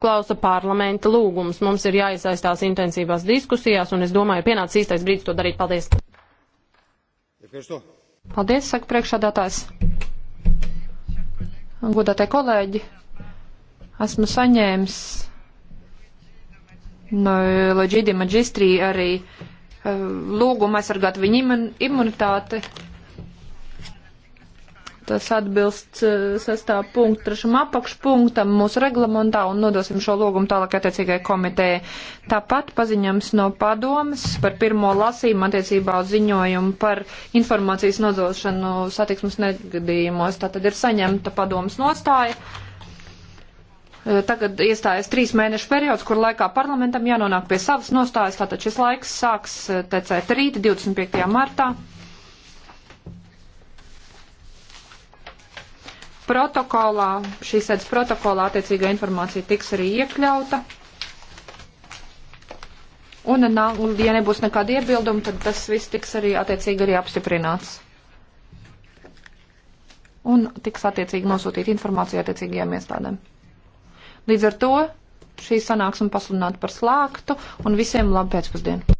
klausa parlamenta lūgums. Mums ir jāiesaistās intensīvās diskusijās, un es domāju, pienācis īstais brīdis to darīt. Paldies! Paldies, saka priekšādātājs. Godātie kolēģi, esmu saņēmis no Leģīdi Maģistrī arī eh, lūgumu aizsargāt viņu imunitāti tas atbilst eh, sestā punkta, trešam apakšpunktam mūsu reglamentā un nodosim šo lūgumu tālāk attiecīgai komitejai. Tāpat paziņams no padomas par pirmo lasījumu attiecībā uz ziņojumu par informācijas nodošanu satiksmes negadījumos. Tātad ir saņemta padomas nostāja eh, tagad iestājas trīs mēnešu periods, kur laikā parlamentam jānonāk pie savas nostājas, tātad šis laiks sāks eh, tecēt rīt 25. martā. Protokolā, šīs sēdes protokolā attiecīgā informācija tiks arī iekļauta. Un, ja nebūs nekāda iebilduma, tad tas viss tiks arī attiecīgi arī apstiprināts. Un tiks attiecīgi nosūtīta informācija attiecīgajām iestādēm. Līdz ar to šī sanāksme pasludināta par slēgtu un visiem labu pēcpusdienu.